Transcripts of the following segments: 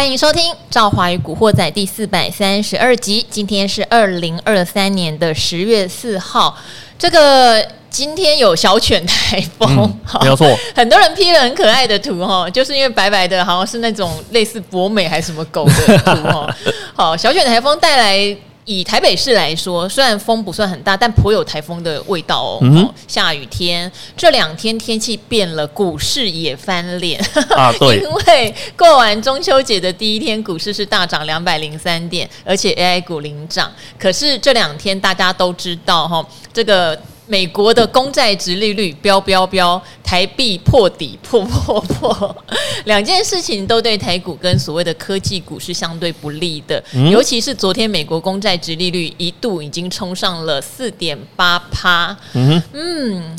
歡迎收聽《兆華與股惑仔》第四百三十二集。今天是二零二三年的十月四號。這個今天有小犬台風，嗯，沒有錯，很多人 P 了很可愛的圖哈，就是因為白白的，好像是那種類似博美還是什麼狗的圖哈。 好，小犬台風帶來。以台北市來說，雖然風不算很大，但頗有台風的味道哦。嗯。下雨天，這兩天天氣變了，股市也翻臉 啊。對，因為過完中秋節的第一天，股市是大漲兩百零三點，而且 AI 股領漲。可是這兩天大家都知道，哈，這個。美國的公債殖利率飆飆飆，台幣破底破破破，兩件事情都對台股跟所謂的科技股是相對不利的。嗯、尤其是昨天美國公債殖利率一度已經衝上了四點八趴。嗯。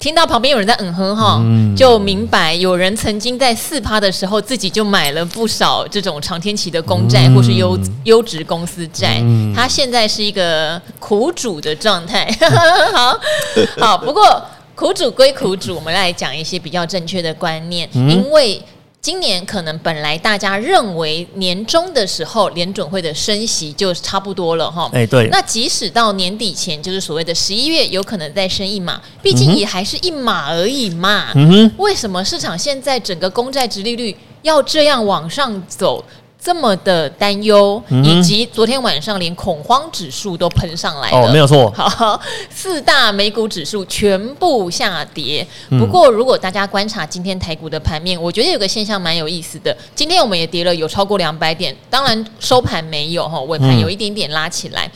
聽到旁邊有人在嗯哼哈、哦嗯，就明白有人曾經在四趴的時候自己就買了不少這種長天期的公債或是優優質公司債，他、嗯、現在是一個苦主的狀態。 好 好，不過苦主歸苦主，我們來講一些比較正確的觀念，嗯、因為。今年可能本來大家認為年終的時候聯準會的升息就差不多了哈、欸，對，那即使到年底前就是所謂的十一月有可能再升一碼，畢竟也還是一碼而已嘛，嗯哼、為什麼市場現在整個公債殖利率要這樣往上走？這麼的擔憂，以及昨天晚上連恐慌指數都噴上來了。哦，沒有錯。好，四大美股指數全部下跌。不過，如果大家觀察今天台股的盤面，我覺得有個現象蠻有意思的。今天我們也跌了有超過兩百點，當然收盤沒有哈，尾盤有一點點拉起來。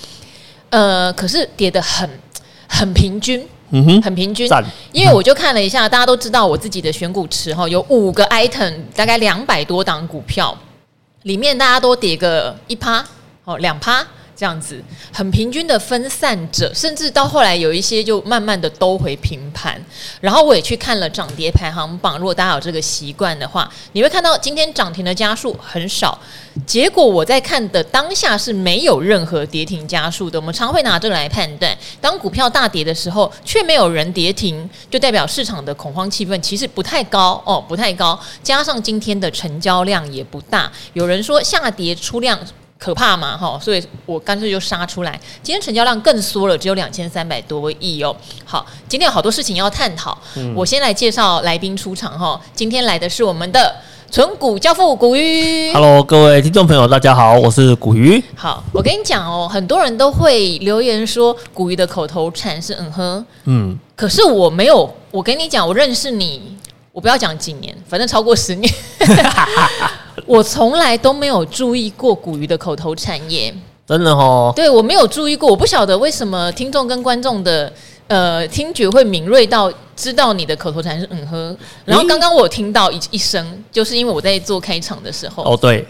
嗯、呃，可是跌得很很平均，嗯、很平均。因為我就看了一下，大家都知道我自己的選股池哈，有五個 item，大概兩百多檔股票。裡面大家都跌個一趴，哦，兩趴。這樣子很平均的分散者，甚至到後來有一些就慢慢的兜回平盤。然後我也去看了漲跌排行榜，如果大家有這個習慣的話，你會看到今天漲停的家數很少。結果我在看的當下是沒有任何跌停家數的。我們常會拿這個來判斷，當股票大跌的時候，卻沒有人跌停，就代表市場的恐慌氣氛其實不太高哦，不太高。加上今天的成交量也不大，有人說下跌出量。可怕嘛，哈！所以我乾脆就殺出來。今天成交量更縮了，只有兩千三百多億哦。好，今天有好多事情要探討。嗯。我先來介紹來賓出場哈。今天來的是我們的存股教父股魚。Hello，各位聽眾朋友，大家好，我是股魚。好，我跟你講哦，很多人都會留言說股魚的口頭禪是“嗯哼”，嗯，可是我沒有。我跟你講，我認識你，我不要講幾年，反正超過十年。 我從來都沒有注意過股魚的口頭禪耶，真的哦？對，我沒有注意過，我不曉得為什麼聽眾跟觀眾的呃聽覺會敏銳到知道你的口頭禪是嗯呵。然後剛剛我聽到一、欸、一聲，就是因為我在做開場的時候。哦，對，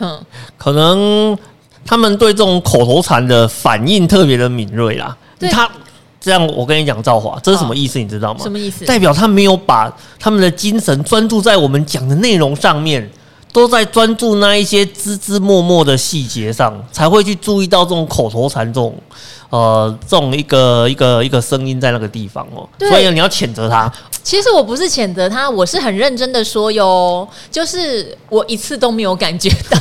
嗯，可能他們對這種口頭禪的反應特別的敏銳啦。對他這樣，我跟你講，兆華，這是什麼意思？你知道嗎、哦？什麼意思？代表他沒有把他們的精神專注在我們講的內容上面。都在專注那一些枝枝末末的細節上，才會去注意到這種口頭禪，這種呃，這種一個一個一個聲音在那個地方哦。所以你要譴責他。其實我不是譴責他，我是很認真的說喲，就是我一次都沒有感覺到，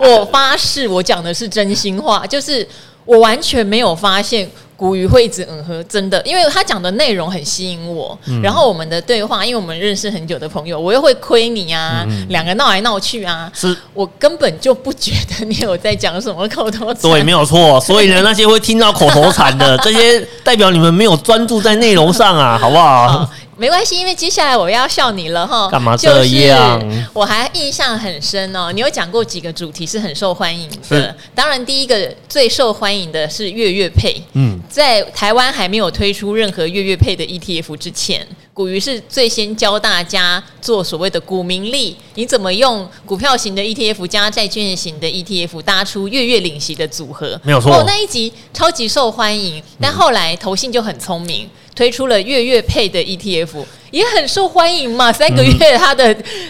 我發誓，我講的是真心話， 就是。我完全沒有發現股魚會一直嗯哼，真的，因為他講的內容很吸引我，嗯，然後我們的對話，因為我們認識很久的朋友，我又會虧你啊，兩、嗯、個鬧來鬧去啊，是，我根本就不覺得你有在講什麼口頭禪，對，沒有錯，所以呢，那些會聽到口頭禪的 這些，代表你們沒有專注在內容上啊， 好不好？好沒關係，因為接下來我要笑你了哈。幹嘛這樣、就是、我還印象很深哦、喔。你有講過幾個主題是很受歡迎的？的。當然，第一個最受歡迎的是月月配。嗯，在台灣還沒有推出任何月月配的 ETF 之前，股魚是最先教大家做所謂的股民利。你怎麼用股票型的 ETF 加債券型的 ETF 搭出月月領息的組合？沒有錯、哦。那一集超級受歡迎。但後來投信就很聰明。嗯推出了月月配的 ETF，也很受歡迎嘛。嗯、三個月它的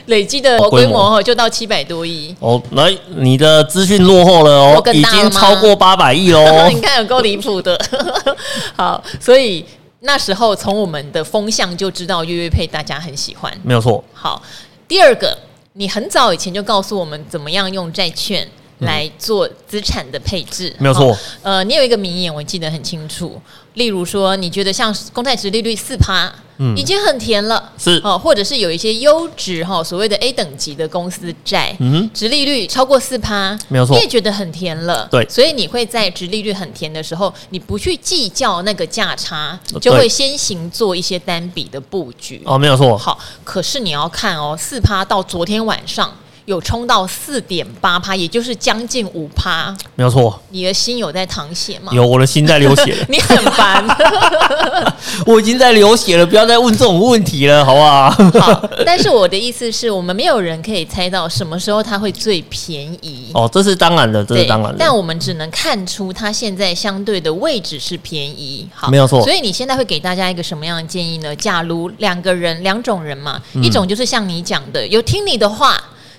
累計的規模就到七百多億。哦，來、哦哦、你的資訊落後了哦，嗯、已經超過八百億哦。 你看，有夠離譜的。 好，所以那時候從我們的風向就知道月月配大家很喜歡，沒有錯。好，第二個，你很早以前就告訴我們怎麼樣用債券來做資產的配置，嗯、沒有錯。呃，你有一個名言，我記得很清楚。例如說，你覺得像公債殖利率四趴，已經很甜了，嗯，是哦，或者是有一些優質哈所謂的 A 等級的公司債，嗯，殖利率超過四趴，沒有錯，你也覺得很甜了，對，所以你會在殖利率很甜的時候，你不去計較那個價差，就會先行做一些單筆的布局哦，沒有錯，好，可是你要看哦，四趴到昨天晚上。有衝到四點八趴，也就是將近五趴，沒有錯。你的心有在淌血嗎？有，我的心在流血。 你很煩煩笑， 我已經在流血了，不要再問這種問題了，好不好？好。但是我的意思是我們沒有人可以猜到什麼時候它會最便宜。哦，這是當然的，這是當然的。但我們只能看出它現在相對的位置是便宜。好，沒有錯。所以你現在會給大家一個什麼樣的建議呢？假如兩個人，兩種人嘛，嗯、一種就是像你講的，有聽你的話。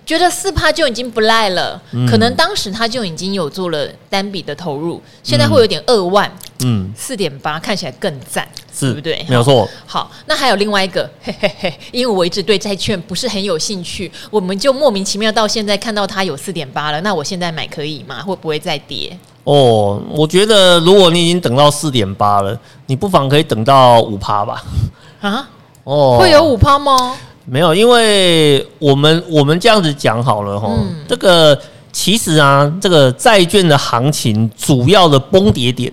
覺得四趴就已經不賴了、嗯，可能當時他就已經有做了單筆的投入、嗯，現在會有點二萬，嗯，四點八看起來更讚，是不對？沒有錯、哦。好，那還有另外一個，嘿嘿嘿，因為我一直對債券不是很有興趣，我們就莫名其妙到現在看到它有四點八了，那我現在買可以嗎？會不會再跌？哦，我覺得如果你已經等到四點八了，你不妨可以等到五趴吧。啊？哦，會有五趴嗎？沒有，因為我們我們這樣子講好了吼、嗯、這個其實啊，這個債券的行情主要的崩跌點，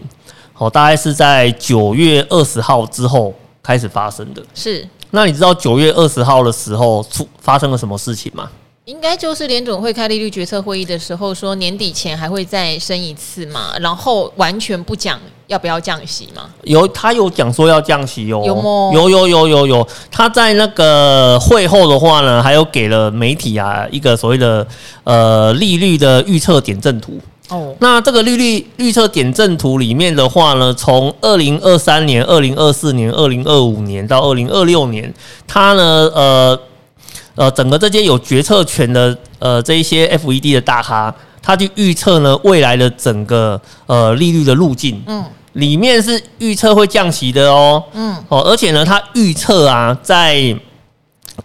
哦，大概是在九月二十號之後開始發生的。是，那你知道九月二十號的時候出發生了什麼事情嗎？應該就是聯準會開利率決策會議的時候，說年底前還會再升一次嘛，然後完全不講要不要降息嘛。有，他有講說要降息哦。有嗎？有有有有有，他在那個會後的話呢，還有給了媒體啊一個所謂的呃利率的預測點陣圖哦。那這個利率預測點陣圖裡面的話呢，從二零二三年、二零二四年、二零二五年到二零二六年，他呢呃。呃，整個這些有決策權的呃這一些 FED 的大咖，他就預測呢未來的整個呃利率的路徑，嗯，裡面是預測會降息的哦，嗯，哦，而且呢，他預測啊，在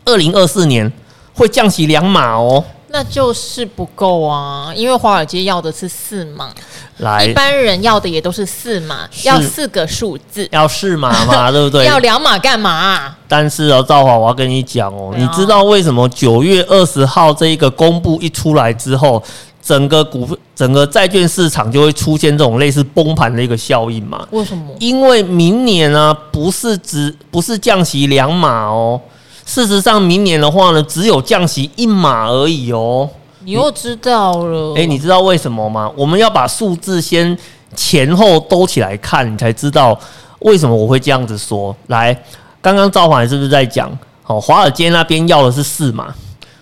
二零二四年會降息兩碼哦。那就是不夠啊，因為華爾街要的是四碼，來，一般人要的也都是四碼，要四個數字，要四碼嘛， 對不對？要兩碼幹嘛？啊？但是啊、哦，兆華，我要跟你講哦，啊、你知道為什麼九月二十號這一個公布一出來之後，整個股整個債券市場就會出現這種類似崩盤的一個效應嗎？為什麼？因為明年啊，不是只不是降息兩碼哦。事實上，明年的話呢，只有降息一碼而已哦。你又知道了？誒、欸，你知道為什麼嗎？我們要把數字先前後兜起來看，你才知道為什麼我會這樣子說。來，剛剛兆華你是不是在講？好、哦，華爾街那邊要的是四碼。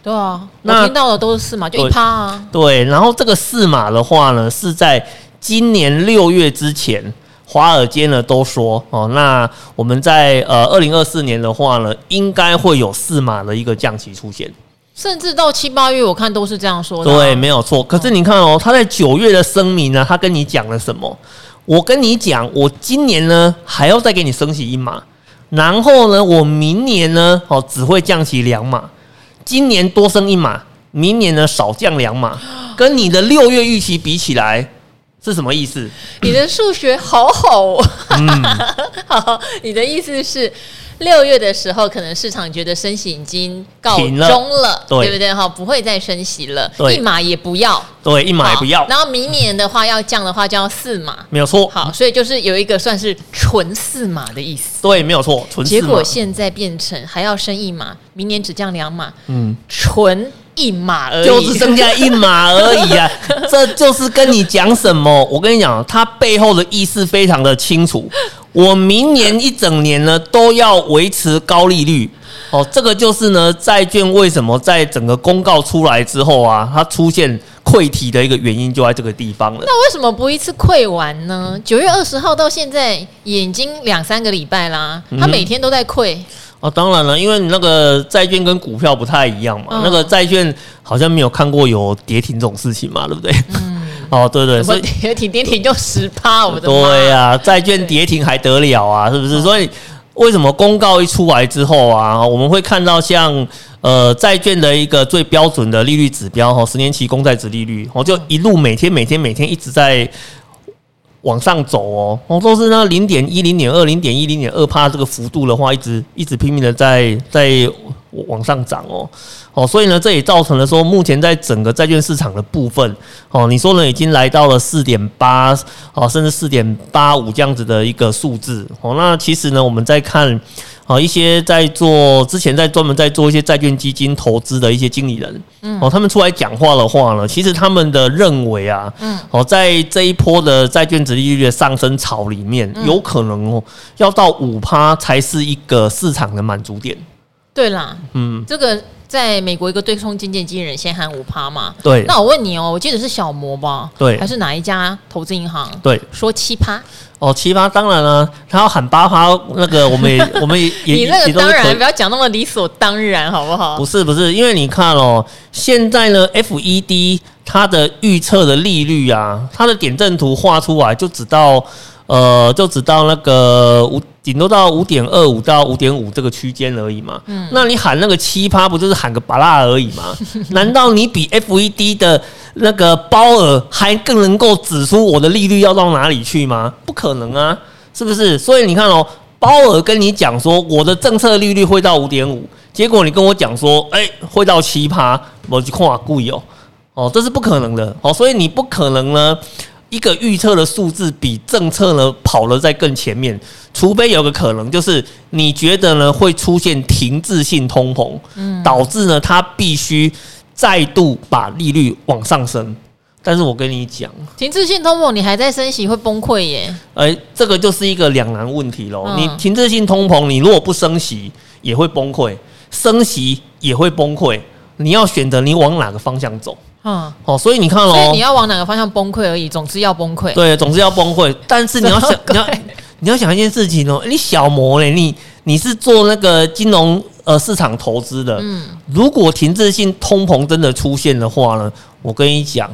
對啊，那聽到的都是四碼，就一趴啊、呃。對，然後這個四碼的話呢，是在今年六月之前。華爾街呢都說哦，那我們在呃二零二四年的話呢，應該會有四碼的一個降息出現，甚至到七八月，我看都是這樣說的、啊。對，沒有錯。可是你看哦，嗯、他在九月的聲明呢，他跟你講了什麼？我跟你講，我今年呢還要再給你升起一碼，然後呢，我明年呢哦只會降息兩碼，今年多升一碼，明年呢少降兩碼，跟你的六月預期比起來。 是什麼意思？你的數學好好哦、喔嗯， 好，你的意思是六月的時候，可能市場覺得升息已經告終了，了對，對不對？哈，不會再升息了，一碼也不要，對，對，一碼也不要。然後明年的話要降的話，就要四碼，沒有錯。好，所以就是有一個算是純四碼的意思，對，沒有錯。結果現在變成還要升一碼，明年只降兩碼，嗯，純。一碼而已，就是剩下一碼而已啊！ 這就是跟你講什麼？我跟你講，他背後的意思非常的清楚。我明年一整年呢，都要維持高利率。哦，這個就是呢，債券為什麼在整個公告出來之後啊，它出現潰堤的一個原因就在這個地方了。那為什麼不一次潰完呢？九月二十號到現在已經兩三個禮拜啦、啊嗯，他每天都在潰。哦，當然了，因為你那個債券跟股票不太一樣嘛，嗯、那個債券好像沒有看過有跌停這種事情嘛，對不對？嗯、哦，對，對對，所以跌停跌停就十趴，我的媽，對呀，債券跌停還得了啊，是不是？所以為什麼公告一出來之後啊，我們會看到像呃債券的一個最標準的利率指標，十年期公債殖利率，我就一路每天每天每天一直在。往上走哦，都是那零點一零點二零點一零點二趴這個幅度的話，一直一直拼命的在在往上漲哦，哦所以呢，這也造成了說目前在整個債券市場的部分，哦你說呢，已經來到了四點八哦，甚至四點八五這樣子的一個數字，哦那其實呢，我們再看。好一些，在做之前，在專門在做一些債券基金投資的一些經理人，嗯，哦，他們出來講話的話呢，其實他們的認為啊，嗯，哦，在這一波的債券殖利率的上升潮裡面，嗯、有可能哦、喔、要到五趴才是一個市場的滿足點。對啦，嗯，這個。在美國一個對沖基金經理人先喊五趴嘛？對，那我問你哦、喔，我記得是小摩吧？對，還是哪一家投資銀行？對，說七趴哦，七趴當然了、啊，他要喊八趴，那個我們也 我們也也那個當然不要講那麼理所當然好不好？不是不是，因為你看哦、喔，現在呢，F E D 它的預測的利率啊，它的點陣圖畫出來就只到。呃，就只到那個五，頂多到五點二五到五點五這個區間而已嘛。嗯，那你喊那個七趴，不就是喊個芭樂而已嘛？ 難道你比 FED 的那個鮑爾還更能夠指出我的利率要到哪裡去嗎？不可能啊，是不是？所以你看哦，鮑爾跟你講說我的政策利率會到五點五，結果你跟我講說，哎、欸，會到七趴，我就看固有、哦，哦，這是不可能的，哦，所以你不可能呢。一個預測的數字比政策呢跑了在更前面。除非有個可能，就是你覺得呢會出現停滯性通膨，嗯、導致呢它必須再度把利率往上升。但是我跟你講，停滯性通膨你還在升息會崩潰耶。誒、欸，這個就是一個兩難問題嘍、嗯。你停滯性通膨，你如果不升息也會崩潰，升息也會崩潰。你要選擇你往哪個方向走？嗯，哦，所以你看哦，你要往哪個方向崩潰而已，總是要崩潰。對，總是要崩潰。但是你要想，你要你要想一件事情哦，你小魔呢，你你是做那個金融呃市場投資的，嗯，如果停滯性通膨真的出現的話呢，我跟你講，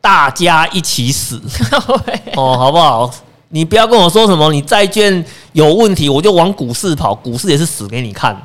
大家一起死， 哦，好不好？你不要跟我說什麼你債券有問題，我就往股市跑，股市也是死給你看。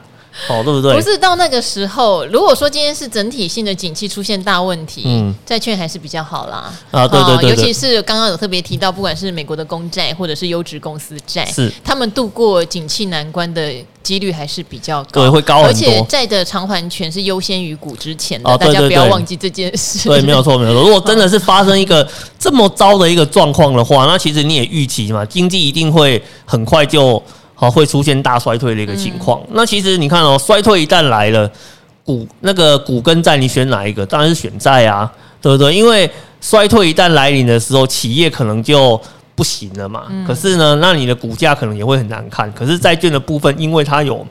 哦、對不對？不是到那個時候，如果說今天是整體性的景氣出現大問題，嗯、債券還是比較好啦。啊，對，對對對，尤其是剛剛有特別提到，不管是美國的公債或者是優質公司債，是他們度過景氣難關的幾率還是比較高，對，會高很多。而且債的償還權是優先於股之前的，啊、對對對，大家不要忘記這件事。對。對，沒有錯，沒有錯。如果真的是發生一個這麼糟的一個狀況的話，那其實你也預期嘛，經濟一定會很快就。好，會出現大衰退的一個情況。嗯。那其實你看哦，衰退一旦來了，股那個股跟債，你選哪一個？當然是選債啊，對不對？因為衰退一旦來臨的時候，企業可能就不行了嘛。嗯。可是呢，那你的股價可能也會很難看。可是債券的部分，因為它有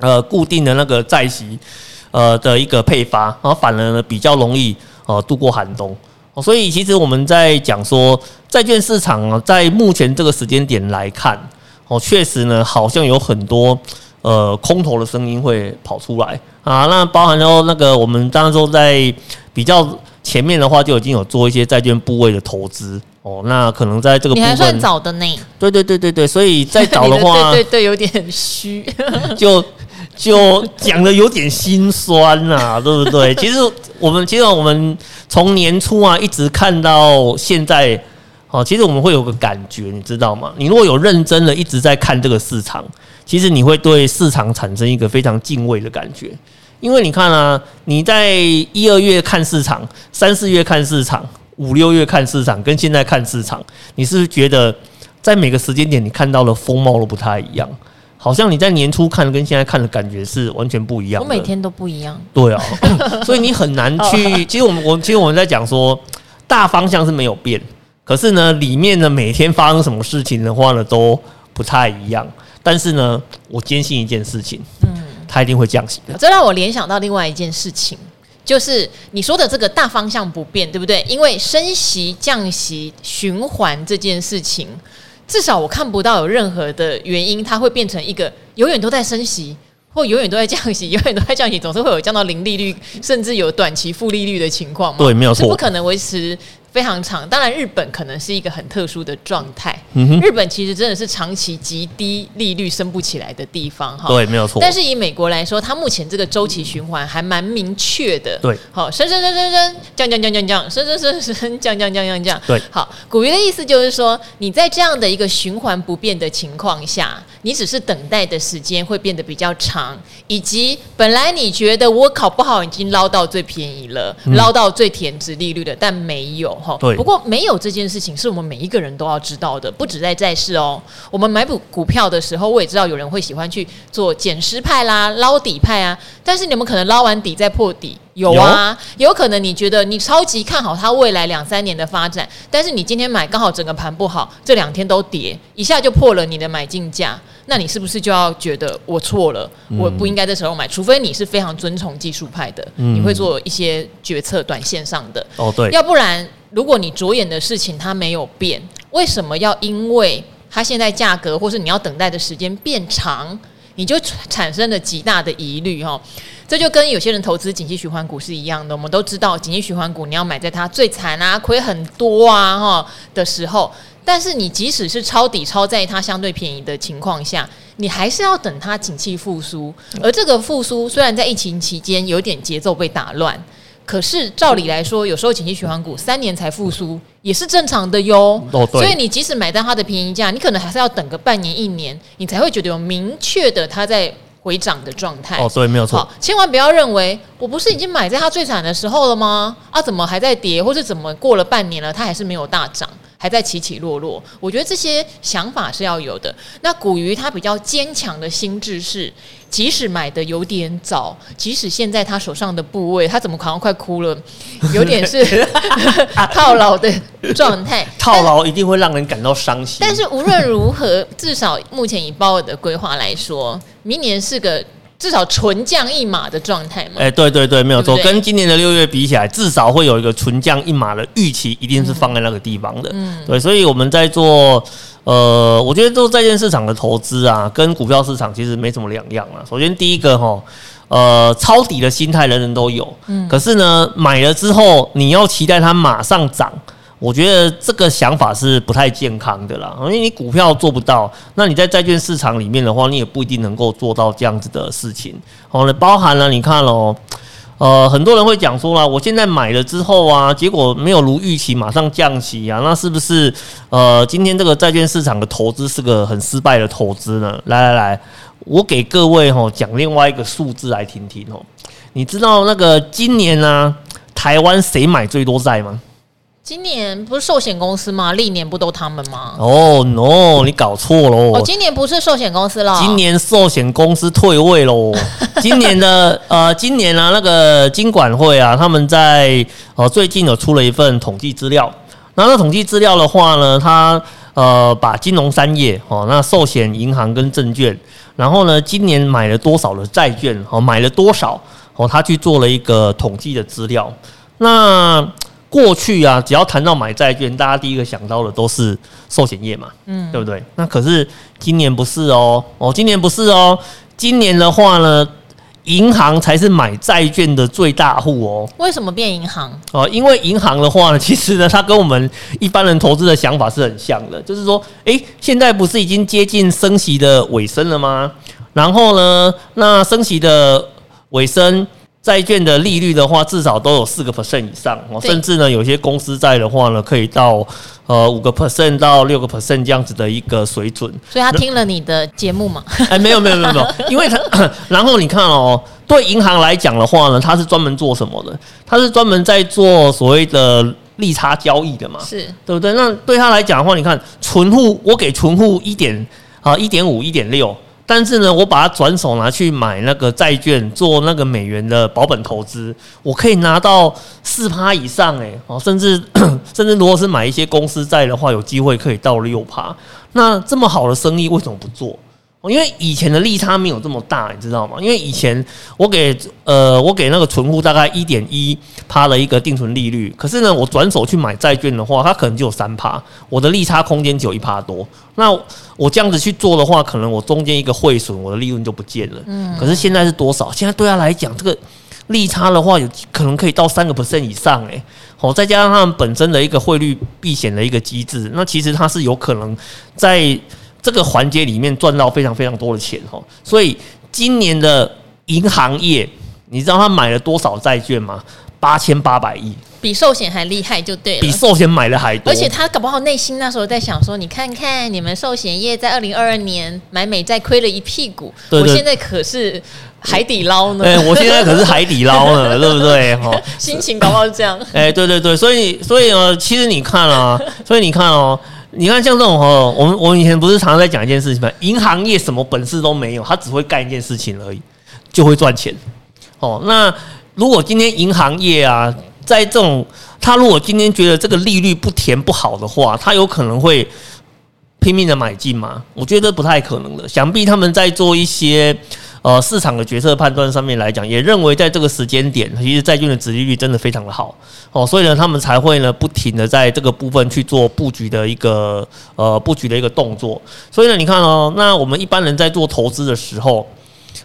呃固定的那個債息呃的一個配發，然後反而呢比較容易呃度過寒冬。所以其實我們在講說債券市場啊，在目前這個時間點來看。哦，確實呢，好像有很多呃空頭的聲音會跑出來啊。那包含說那個我們當時候在比較前面的話，就已經有做一些債券部位的投資哦。那可能在這個部分，你還算早的呢，對對對對對。所以再早的話，的對對對，有點虛， 就就講的有點心酸吶、啊，對不對？其實我們其實我們從年初啊一直看到現在。哦，其實我們會有個感覺，你知道嗎？你如果有認真的一直在看這個市場，其實你會對市場產生一個非常敬畏的感覺。因為你看啊，你在一二月看市場，三四月看市場，五六月看市場，跟現在看市場，你是不是覺得在每個時間點你看到的風貌都不太一樣？好像你在年初看跟現在看的感覺是完全不一樣的。我每天都不一樣，對啊， 嗯，所以你很難去。其實我們我其實我們在講說，大方向是沒有變可是呢，裡面呢，每天發生什麼事情的話呢都不太一樣。但是呢，我堅信一件事情，嗯，它一定會降息的。這讓我聯想到另外一件事情，就是你說的這個大方向不變，對不對？因為升息降息循環這件事情，至少我看不到有任何的原因，它會變成一個永遠都在升息，或永遠都在降息，永遠都在降息，總是會有降到零利率，甚至有短期負利率的情況嗎？對，沒有錯，是不可能維持。非常長，當然日本可能是一個很特殊的狀態、嗯。日本其實真的是長期極低利率升不起來的地方，哈。對，沒有錯。但是以美國來說，它目前這個週期循環還蠻明確的。對，好、哦、升升升升升，降降降降降，升升升升降降降降降降。好，股魚的意思就是說，你在這樣的一個循環不變的情況下，你只是等待的時間會變得比較長，以及本來你覺得我考不好已經撈到最便宜了，撈、嗯、到最甜殖利率的，但沒有哈。對。不過沒有這件事情是我們每一個人都要知道的，不止在債市哦。我們買股股票的時候，我也知道有人會喜歡去做撿屍派啦、撈底派啊，但是你們可能撈完底再破底。有啊有，有可能你覺得你超級看好它未來兩三年的發展，但是你今天買剛好整個盤不好，這兩天都跌，一下就破了你的買進價，那你是不是就要覺得我錯了，嗯、我不應該這時候買？除非你是非常遵從技術派的，嗯、你會做一些決策短線上的哦對，要不然如果你着眼的事情它沒有變，為什麼要因為它現在價格，或是你要等待的時間變長？你就產生了極大的疑慮，哈，這就跟有些人投資景氣循環股是一樣的。我們都知道，景氣循環股你要買在它最慘啊、虧很多啊、哈的時候，但是你即使是抄底抄在它相對便宜的情況下，你還是要等它景氣復甦。而這個復甦雖然在疫情期間有點節奏被打亂。可是照理來說，有時候景氣循環股三年才復甦也是正常的喲。哦，對。所以你即使買到它的便宜價，你可能還是要等個半年一年，你才會覺得有明確的它在回漲的狀態。哦，對，沒有錯。好，千萬不要認為我不是已經買在它最慘的時候了嗎？啊，怎麼還在跌？或是怎麼過了半年了，它還是沒有大漲？還在起起落落，我覺得這些想法是要有的。那股魚他比較堅強的心智是，即使買的有點早，即使現在他手上的部位，他怎麼可能快哭了，有點是 套牢的狀態。套牢一定會讓人感到傷心。但，但是無論如何，至少目前以鮑爾的規劃來說，明年是個。至少純降一碼的狀態嗎？哎，欸、對對對，沒有錯。跟今年的六月比起來，至少會有一個純降一碼的預期，一定是放在那個地方的嗯。嗯，對。所以我們在做，呃，我覺得做債券市場的投資啊，跟股票市場其實沒什麼兩樣了、啊。首先第一個哈，呃，抄底的心態人人都有，嗯，可是呢，買了之後你要期待它馬上漲。我覺得這個想法是不太健康的啦，因為你股票做不到，那你在債券市場裡面的話，你也不一定能夠做到這樣子的事情。好了，包含了你看嘍、哦，呃，很多人會講說啦、啊，我現在買了之後啊，結果沒有如預期馬上降息啊，那是不是呃，今天這個債券市場的投資是個很失敗的投資呢？來來來，我給各位吼講另外一個數字來聽聽哦，你知道那個今年呢、啊，台灣誰買最多債嗎？今年不是壽險公司嗎？歷年不都他們嗎？哦、oh,，no，你搞錯嘍、哦！今年不是壽險公司啦。今年壽險公司退位嘍、 呃。今年的呃，今年呢，那個金管會啊，他們在呃最近有出了一份統計資料。那那統計資料的話呢，他呃把金融三業哦、呃，那壽險、銀行跟證券，然後呢，今年買了多少的債券？哦，買了多少？哦、呃，他去做了一個統計的資料。那過去啊，只要談到買債券，大家第一個想到的都是壽險業嘛，嗯，對不對？那可是今年不是哦，哦，今年不是哦，今年的話呢，銀行才是買債券的最大戶哦。為什麼變銀行？哦，因為銀行的話呢，其實呢，它跟我們一般人投資的想法是很像的，就是說，誒，現在不是已經接近升息的尾聲了嗎？然後呢，那升息的尾聲。債券的利率的話，至少都有四個 percent 以上，哦，甚至呢，有些公司債的話呢，可以到呃五個 percent 到六個 percent 這樣子的一個水準。所以他聽了你的節目嗎？哎、欸，沒有沒有沒有沒有，沒有沒有 因為他，然後你看哦、喔，對銀行來講的話呢，它是專門做什麼的？它是專門在做所謂的利差交易的嘛？是對不對？那對他來講的話，你看存戶，我給存戶一點啊，一點五，一點六。但是呢，我把它轉手拿去買那個債券，做那個美元的保本投資，我可以拿到四趴以上，誒，哦，甚至甚至如果是買一些公司債的話，有機會可以到六趴。那這麼好的生意，為什麼不做？因為以前的利差沒有這麼大，你知道嗎？因為以前我給呃，我給那個存戶大概一點一趴的一個定存利率，可是呢，我轉手去買債券的話，它可能就有三趴，我的利差空間只有一趴多。那我這樣子去做的話，可能我中間一個匯損，我的利潤就不見了。可是現在是多少？現在對他來講，這個利差的話，有可能可以到三個 percent 以上誒，好，再加上他們本身的一個匯率避險的一個機制，那其實它是有可能在。這個環節裡面賺到非常非常多的錢齁，所以今年的銀行業，你知道他買了多少債券嗎？八千八百億，比壽險還厲害就對了，比壽險買的還多。而且他搞不好內心那時候在想說：“你看看你們壽險業在二零二二年買美債虧了一屁股，我現在可是海底撈呢。”我現在可是海底撈呢，對不對？心情搞不好是這樣。哎，對對對，所以所以其實你看啊，所以你看哦。你看，像這種哦，我們我以前不是常常在講一件事情嗎？銀行業什麼本事都沒有，他只會幹一件事情而已，就會賺錢。哦，那如果今天銀行業啊，在這種，他如果今天覺得這個利率不甜不好的話，他有可能會拼命的買進嗎？我覺得不太可能了。想必他們在做一些。呃，市場的決策判斷上面來講，也認為在這個時間點，其實債券的殖利率真的非常的好哦，所以呢，他們才會呢不停的在這個部分去做布局的一個呃布局的一個動作。所以呢，你看哦，那我們一般人在做投資的時候，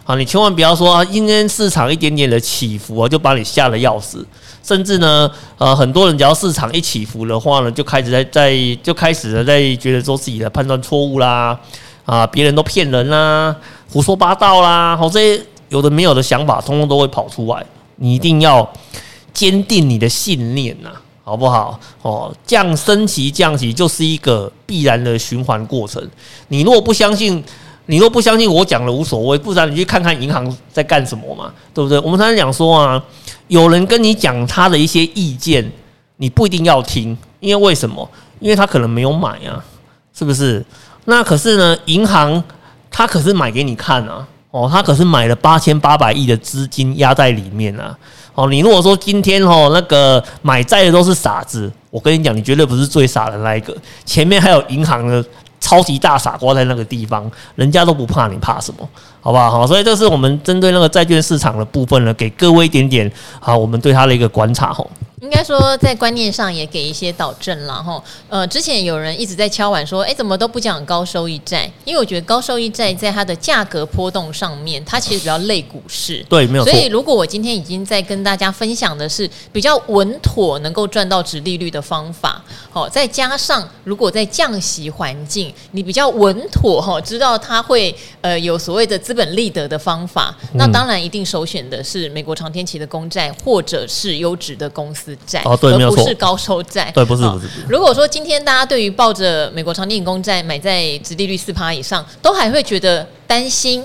啊，你千萬不要說啊，今天市場一點點的起伏啊，就把你嚇得要死，甚至呢，呃，很多人只要市場一起伏的話呢，就開始在在就開始在覺得說自己的判斷錯誤啦，啊，別人都騙人啦。胡說八道啦！好，這些有的沒有的想法，通通都會跑出來。你一定要堅定你的信念吶，好不好？哦，降升息降息就是一個必然的循環過程。你如果不相信，你若不相信我講的無所謂，不然你去看看銀行在幹什麼嘛，對不對？我們常常講說啊，有人跟你講他的一些意見，你不一定要聽，因為為什麼？因為他可能沒有買啊，是不是？那可是呢，銀行。他可是買給你看啊！哦，他可是買了八千八百億的資金壓在裡面啊！哦，你如果說今天哦，那個買債的都是傻子，我跟你講，你絕對不是最傻的那一個，前面還有銀行的超級大傻瓜在那個地方，人家都不怕，你怕什麼？好不好？所以這是我們針對那個債券市場的部分呢，給各位一點點好，我們對它的一個觀察吼。應該說在觀念上也給一些導正了哈。呃，之前有人一直在敲碗說，哎、欸，怎麼都不講高收益債？因為我覺得高收益債在它的價格波動上面，它其實比較類股市。對，沒有錯。所以如果我今天已經在跟大家分享的是比較穩妥能夠賺到殖利率的方法，好，再加上如果在降息環境，你比較穩妥哈，知道它會呃有所謂的資。本利得的方法，那當然一定首選的是美國長天期的公債，或者是優質的公司債。哦，對，沒有錯。而不是高收債。對，不是，哦、不是。如果說今天大家對於抱着美國長天期公債買在殖利率四趴以上，都還會覺得擔心，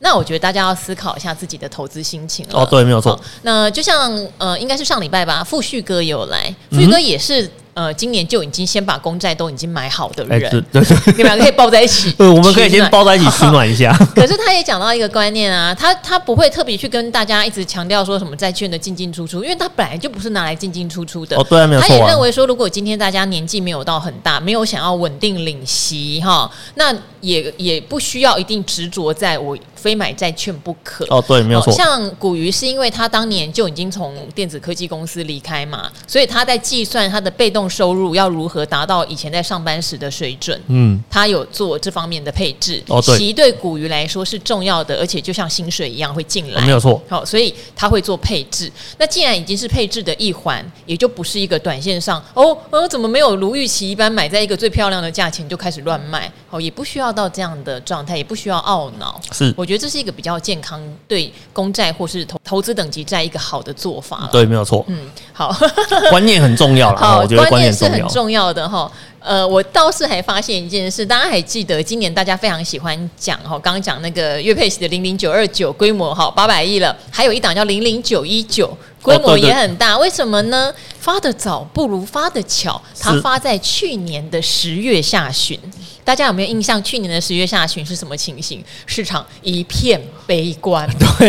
那我覺得大家要思考一下自己的投資心情了。哦，對，沒有錯，哦。那就像呃，應該是上禮拜吧，富旭哥有來，富旭哥也是。呃，今年就已經先把公債都已經買好的人，欸、對對你們兩個，可以抱在一起。 對我們可以先抱在一起取暖一下、呃。可是他也講到一個觀念啊，他他不會特別去跟大家一直強調說什麼債券的進進出出，因為他本來就不是拿來進進出出的。哦，對、啊，沒有錯、啊。他也認為說，如果今天大家年紀沒有到很大，沒有想要穩定領息哈，那也也不需要一定執着在我非買債券不可。哦，對，沒有錯。像股魚是因為他當年就已經從電子科技公司離開嘛，所以他在計算他的被動。收入要如何達到以前在上班時的水準？嗯，他有做這方面的配置哦，對，其對股魚來說是重要的，而且就像薪水一樣會進來，哦，沒有錯。好，哦，所以他會做配置。那既然已經是配置的一環，也就不是一個短線上哦哦，怎麼沒有如預期一般買在一個最漂亮的價錢就開始亂賣？好，哦，也不需要到這樣的狀態，也不需要懊惱。是，我覺得這是一個比較健康對公債或是投投資等級債一個好的做法。對，沒有錯。嗯，好， 觀念很重要了，我覺得。也是很重要的哈，呃，我倒是還發現一件事，大家還記得今年大家非常喜歡講哈，剛剛講那個月配息的零零九二九規模哈八百億了，還有一檔叫零零九一九規模也很大，哦對對，為什麼呢？發得早不如發得巧，它發在去年的十月下旬，大家有沒有印象？去年的十月下旬是什麼情形？市場一片悲觀，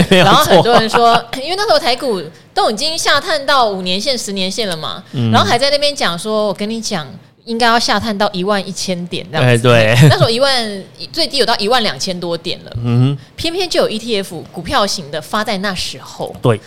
對，然後很多人說，因為那時候台股。都已經下探到五年線、十年線了嘛、嗯，然後還在那邊講說，我跟你講，應該要下探到一萬一千點這樣子。對，對，那時候一萬 最低有到一萬兩千多點了。嗯，偏偏就有 ETF 股票型的發在那時候。對，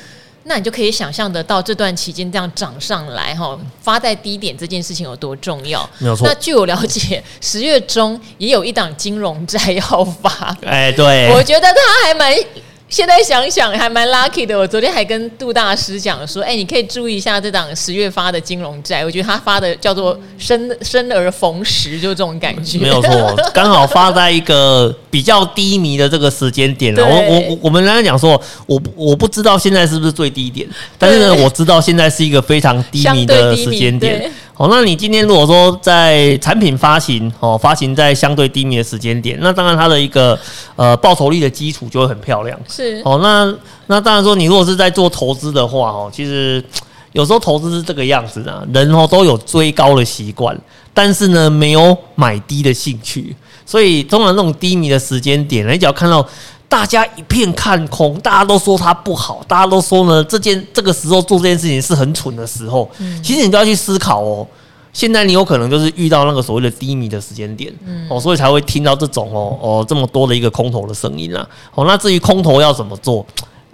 那你就可以想象得到這段期間這樣漲上來哈，發在低點這件事情有多重要。沒有錯。那據我了解，十月中也有一檔金融債要發。哎，對，我覺得它還蠻。現在想想還蠻 lucky 的，我昨天還跟杜大師講說，哎、欸，你可以注意一下這檔十月發的金融債，我覺得他發的叫做生“生生而逢時”，就這種感覺。沒有錯，剛好發在一個比較低迷的這個時間點。我我我們剛才講說，我我不知道現在是不是最低點，但是呢，我知道現在是一個非常低迷的時間點。哦，那你今天如果說在產品發行，哦，發行在相對低迷的時間點，那當然它的一個呃報酬率的基礎就會很漂亮。是，哦，那那當然說你如果是在做投資的話，哦，其實有時候投資是這個樣子的，人哦，都有追高的習慣，但是呢沒有買低的興趣，所以通常這種低迷的時間點呢，你只要看到。大家一片看空，大家都說它不好，大家都說呢，這件這個時候做這件事情是很蠢的時候。嗯。其實你就要去思考哦，現在你有可能就是遇到那個所謂的低迷的時間點，嗯，哦，所以才會聽到這種哦哦這麼多的一個空頭的聲音啦、啊。哦，那至於空頭要怎麼做？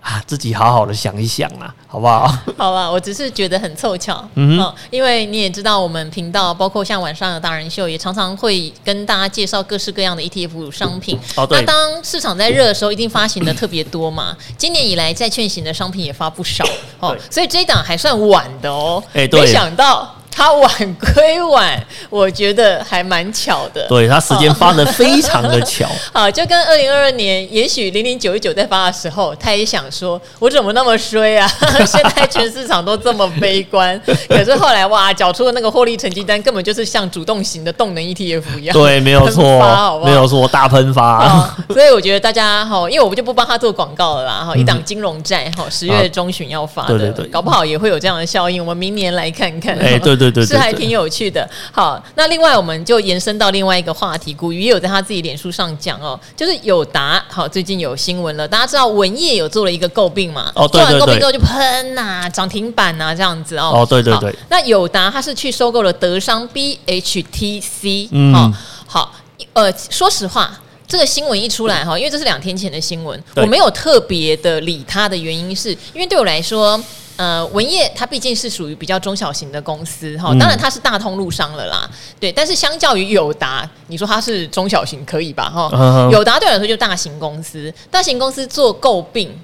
啊，自己好好的想一想啊，好不好？好吧、啊，我只是覺得很湊巧，嗯、哦，因為你也知道，我們頻道包括像晚上的達人秀，也常常會跟大家介紹各式各樣的 ETF 商品、嗯。哦，對。那當市場在熱的時候、嗯，一定發行的特別多嘛、嗯。今年以來，債券型的商品也發不少，哦，所以這一檔還算晚的哦。哎、欸，對，沒想到。他晚歸晚，我覺得還蠻巧的。對，他時間發的非常的巧。啊、哦， 就跟二零二二年，也許零零九一九在發的時候，他也想說：“我怎麼那麼衰啊？ 現在全市場都這麼悲觀。 ”可是後來哇，繳出的那個獲利成績單，根本就是像主動型的動能 ETF 一樣。對，沒有錯，噴發好不好？沒有錯，大噴發、哦。所以我覺得大家哈，因為我們就不幫他做廣告了啦哈，一檔金融債哈，十月中旬要發的、嗯，搞不好也會有這樣的效應。我們明年來看看。哎、欸，對對、對。對對對對是還挺有趣的，好，那另外我們就延伸到另外一個話題股魚也有在他自己臉書上講哦，就是友達，好、哦，最近有新聞了，大家知道文業有做了一個併購嘛，哦，對對對對做完併購之後就噴吶、啊，漲停板吶、啊、這樣子哦，哦對,對對對，那友達他是去收購了德商 BHTC，、哦、嗯，好，呃，說實話。這個新聞一出來哈，因為這是兩天前的新聞，我沒有特別的理它的原因是，是因為對我來說，呃，文業它畢竟是屬於比較中小型的公司哈，當然它是大通路商了啦、嗯，對，但是相較於友達，你說它是中小型可以吧哈、嗯，友達對我來說就大型公司，大型公司做詬病。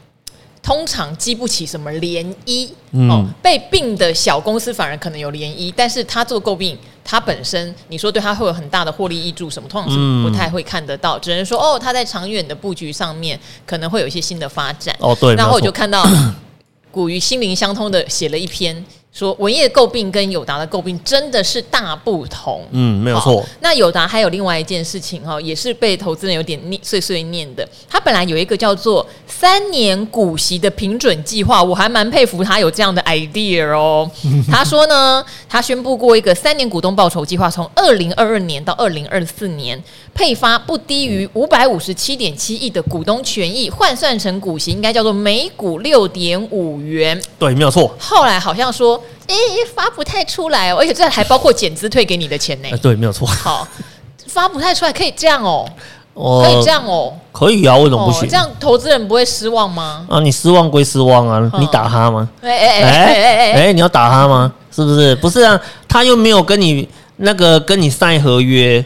通常激不起什麼漣漪、嗯哦，被併的小公司反而可能有漣漪，但是他做購併，他本身你說對他會有很大的獲利挹注，什麼，通常什麼不太會看得到，嗯、只能說哦，他在長遠的布局上面可能會有一些新的發展。哦，對，然後我就看到股魚心靈相通的寫了一篇。說文業的詬病跟友達的詬病真的是大不同，嗯，沒有錯。那友達還有另外一件事情哈，也是被投資人有點碎碎念的。他本來有一個叫做三年股息的平準計劃，我還蠻佩服他有這樣的 idea 哦。 他說呢，他宣布過一個三年股東報酬計劃，從二零二二年到二零二四年。配發不低於五百五十七點七億的股東權益，換算成股息應該叫做每股六點五元。對，沒有錯。後來好像說，哎、欸，發不太出來，喔，而且這還包括減資退給你的錢呢、欸。對，沒有錯。好，發不太出來可以這樣哦，可以這樣哦、喔呃喔，可以啊，為什麼不行？喔、這樣投資人不會失望嗎？啊，你失望歸失望啊、嗯，你打他嗎？哎哎哎哎哎你要打他嗎？是不是？不是啊，他又沒有跟你那個跟你賽合約。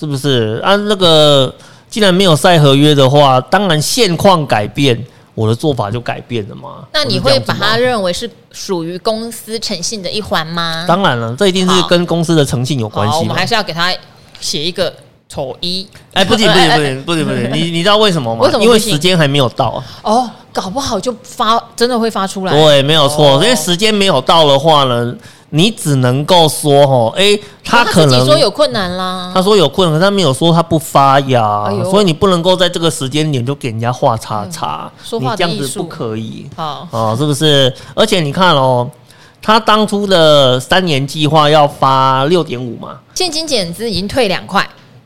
是不是？啊？那個，既然沒有賽合約的話，當然現況改變，我的做法就改變了嘛。那你會把它認為是屬於公司誠信的一環嗎？當然了，這一定是跟公司的誠信有關係。我們還是要給他寫一個丑一。哎，不行不行不行不行不行！你你知道為什麼嗎？為什麼不行？因為時間還沒有到啊。哦，oh，搞不好就發，真的會發出來。對，沒有錯，oh. 因為時間沒有到的話呢。你只能夠說哈，哎、欸，他可能、哦、他說有困難啦。他說有困難，他沒有說他不發芽，哎、所以你不能夠在這個時間點就給人家畫叉叉。嗯、說話你這樣子不可以。好、哦、是不是？而且你看哦，他當初的三年計劃要發六點五嘛，現金減資已經退兩塊。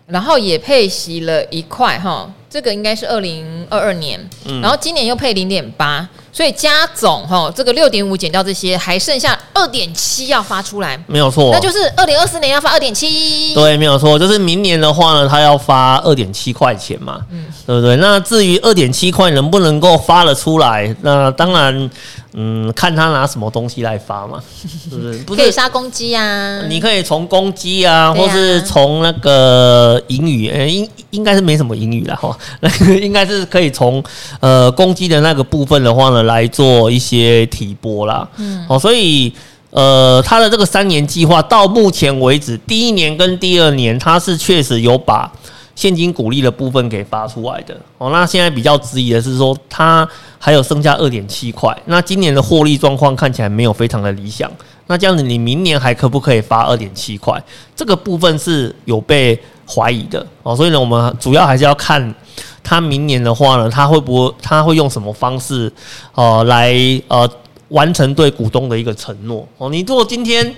然後也配息了一塊哈，這個應該是二零二二年，嗯，然後今年又配零點八，所以加總哈，這個六點五減掉這些，還剩下二點七要發出來，沒有錯，那就是二零二四年要發二點七，對，沒有錯，就是明年的話呢，它要發二點七塊錢嘛，嗯，對不對？那至於二點七塊能不能夠發得出來，那當然。嗯，看他拿什麼東西來發嘛， 是不是？可以殺公積啊？你可以從公積啊、嗯，或是從那個盈餘，欸、應應該是沒什麼盈餘啦。哈。那應該是可以從呃公積的那個部分的話呢，來做一些提撥啦。嗯，好、喔，所以呃，他的這個三年計劃到目前為止，第一年跟第二年，他是確實有把。現金股利的部分給發出來的哦，那現在比較質疑的是說，它還有剩下二點七塊，那今年的獲利狀況看起來沒有非常的理想，那這樣子你明年還可不可以發二點七塊？這個部分是有被懷疑的哦，所以呢，我們主要還是要看它明年的話呢，它會不會，它會用什麼方式，呃，來呃完成對股東的一個承諾哦。你如果今天。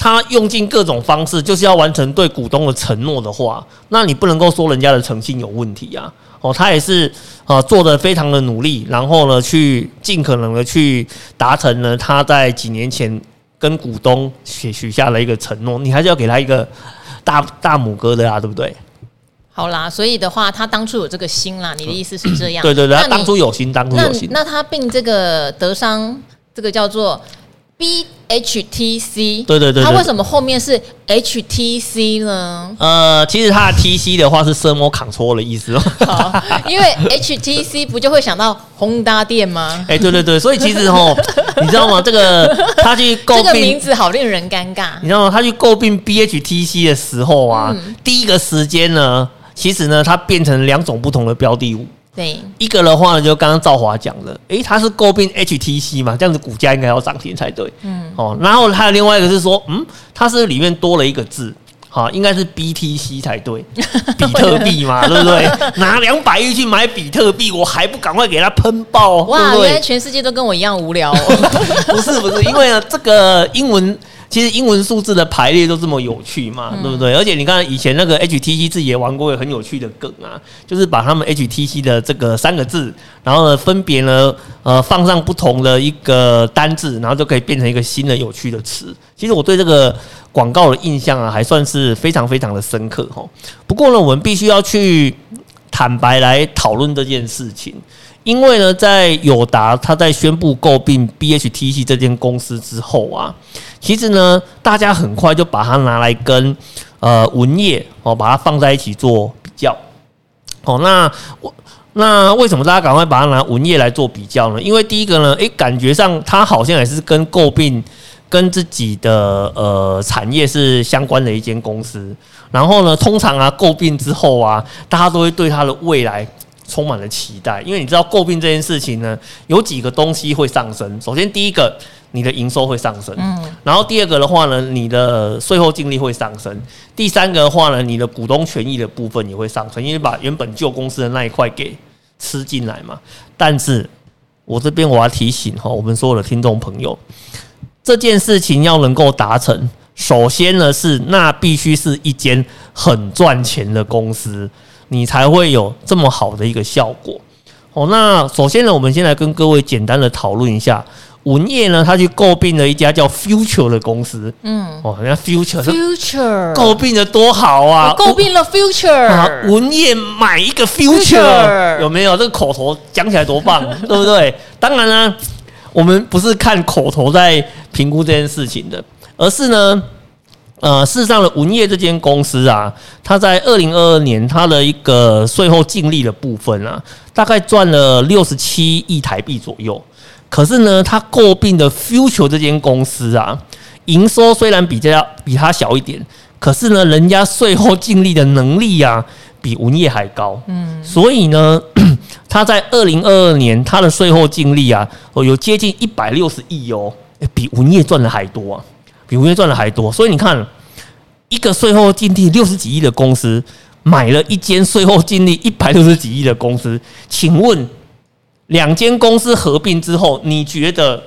他用盡各種方式，就是要完成對股東的承諾的話，那你不能夠說人家的誠信有問題啊！哦，他也是呃、啊，做得非常的努力，然後呢，去尽可能的去達成呢，他在幾年前跟股東許許下了一個承諾，你還是要給他一個大大拇哥的啊，對不對？好啦，所以的話，他當初有這個心啦，你的意思是這樣？嗯、咳咳對對對，他當初有心，當初有心。那,那,那他併這個德商，這個叫做。B H T C，對對對，對，他為什麼後面是 H T C 呢？呃，其實它的 T C 的話是 “Thermo Control” 的意思 。因為 H T C 不就會想到宏達電嗎？哎、欸，對對對，所以其實哈、哦， 你知道嗎？這個他去詬病 這個名字好令人尷尬。你知道嗎？他去詬病 B H T C 的時候啊、嗯，第一個時間呢，其實呢，它變成兩種不同的標的物。對，一個的話呢，就剛剛趙華講了。哎，他是詬病 HTC 嘛，這樣子股價應該要漲停才對。嗯，哦，然後還有另外一個是說，嗯，他是裡面多了一個字，哈、哦，應該是 BTC 才對，比特幣嘛 對不對 特幣，對不對？拿兩百億去買比特幣，我還不趕快給它噴爆？哇，原來全世界都跟我一樣無聊、哦。 不是不是，因為呢，這個英文。其實英文數字的排列都這麼有趣嘛，對不對？嗯、而且你看以前那個 HTC 自己也玩過也很有趣的梗啊，就是把他們 HTC 的這個三個字，然後呢分別呢呃放上不同的一個單字，然後就可以變成一個新的有趣的詞。其實我對這個廣告的印象啊，還算是非常非常的深刻哈、哦。不過呢，我們必須要去坦白來討論這件事情，因為呢，在友達他在宣布購併 BHTC 這間公司之後啊。其實呢，大家很快就把它拿來跟呃文曄哦、喔，把它放在一起做比較哦、喔。那我那為什麼大家趕快把它拿文曄來做比較呢？因為第一個呢，欸、感覺上它好像也是跟購併跟自己的呃產業是相關的一間公司。然後呢，通常啊購併之後啊，大家都會對它的未來，充滿了期待，因為你知道，購併這件事情呢，有幾個東西會上升。首先，第一個，你的營收會上升，嗯，然後第二個的話呢，你的稅後淨利會上升，第三個的話呢，你的股東權益的部分也會上升，因為把原本舊公司的那一塊給吃進來嘛。但是，我這邊我要提醒哈，我們所有的聽眾朋友，這件事情要能夠達成，首先呢是那必須是一間很賺錢的公司。你才會有這麼好的一個效果哦。那首先呢，我們先來跟各位簡單的討論一下，文曄呢，他去購併了一家叫 Future 的公司，嗯，哦，人家 Future，Future future 購併得多好啊，購併了 Future，、啊、文曄買一個 Future, future 有沒有？這個口頭講起來多棒， 對不對？當然呢、啊、我們不是看口頭在評估這件事情的，而是呢。呃，事實上呢，文曄這間公司啊，它在二零二二年它的一個稅後淨利的部分啊，大概賺了六十七億台幣左右。可是呢，它購併的 Future 這間公司啊，營收雖然比較比它小一點，可是呢，人家稅後淨利的能力啊，比文曄還高。嗯，所以呢，它在二零二二年它的稅後淨利啊，有接近一百六十億哦、欸，比文曄賺的還多、啊。比文業賺的還多，所以你看，一個稅後淨利六十幾億的公司買了一間稅後淨利一百六十幾億的公司，請問兩間公司合併之後，你覺得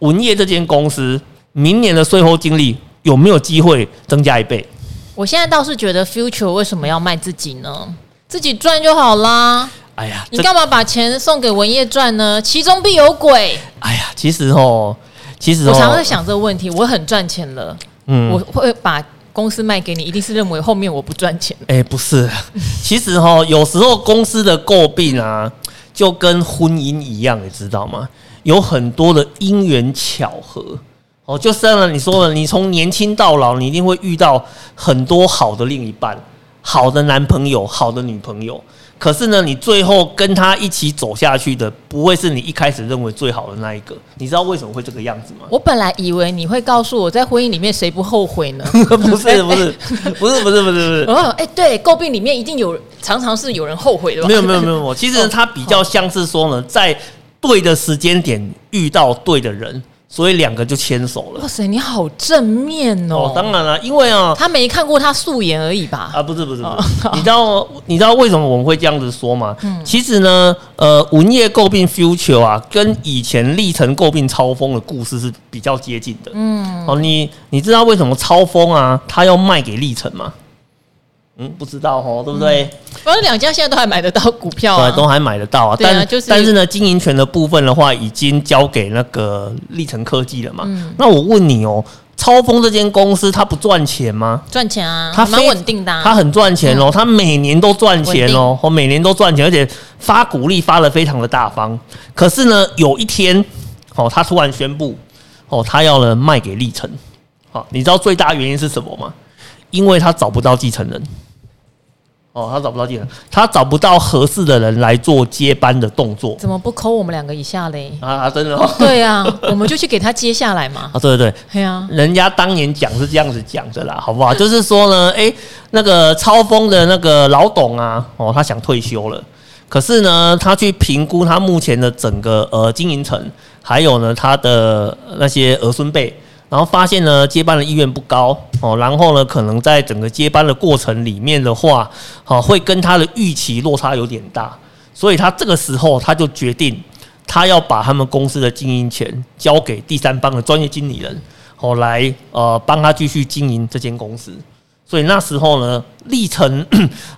文業這間公司明年的稅後淨利有沒有機會增加一倍？我現在倒是覺得，Future 為什麼要賣自己呢？自己賺就好啦。哎呀，你幹嘛把錢送給文業賺呢？其中必有鬼。哎呀，其實哦。其實、哦、我常常在想這個問題，我很賺錢了、嗯，我會把公司賣給你，一定是認為後面我不賺錢。哎，不是，其實哈、哦，有時候公司的詬病啊，就跟婚姻一樣，你知道嗎？有很多的因緣巧合，哦，就像你說的，你從年輕到老，你一定會遇到很多好的另一半、好的男朋友、好的女朋友。可是呢，你最後跟他一起走下去的，不會是你一開始認為最好的那一個。你知道為什麼會這個樣子嗎？我本來以為你會告訴我在婚姻裡面誰不後悔呢？不是不是不是不是不是不是。哦，哎、欸欸欸欸，對，詬病裡面一定有，常常是有人後悔的。沒有沒有沒有，其實呢他比較像是說呢，在對的時間點遇到對的人。所以兩個就牽手了。哇塞，你好正面哦！哦，當然了，啊，因為啊、哦，他沒看過他素顏而已吧？啊，不是不是不是，哦，你知道你知道為什麼我們會這樣子說嗎？嗯，其實呢，呃，文曄購併 future 啊，跟以前力成購併超豐的故事是比較接近的。嗯，哦，你你知道為什麼超豐啊他要賣給力成嗎？嗯，不知道哦，對不對？反、嗯、正兩家現在都還買得到股票、啊、對，都還買得到啊。啊但、就是，但是呢，經營權的部分的話，已經交給那個力成科技了嘛、嗯。那我問你哦，超豐這間公司，它不賺錢嗎？賺錢啊，它很穩定的、啊，它很賺錢哦，它每年都賺錢哦，哦每年都賺錢，而且發股利發得非常的大方。可是呢，有一天哦，他突然宣布哦，他要了賣給力成。好、哦，你知道最大原因是什麼嗎？因為他找不到繼承人，哦，他找不到繼承，他找不到合適的人來做接班的動作，怎麼不摳我們兩個一下嘞？啊，真的嗎？對呀、啊， 我們就去給他接下來嘛。啊、哦，對對對，對呀、啊，人家當年講是這樣子講的啦，好不好？ 就是說呢，誒、欸，那個超豐的那個老董啊，哦，他想退休了，可是呢，他去評估他目前的整個呃經營層，還有呢他的那些兒孫輩，然後發現呢接班的意願不高。哦，然後呢，可能在整個接班的過程裡面的話，會跟他的預期落差有點大，所以他這個時候他就決定，他要把他們公司的經營權交給第三方的專業經理人，好，來，呃，幫他繼續經營這間公司。所以那時候呢，力成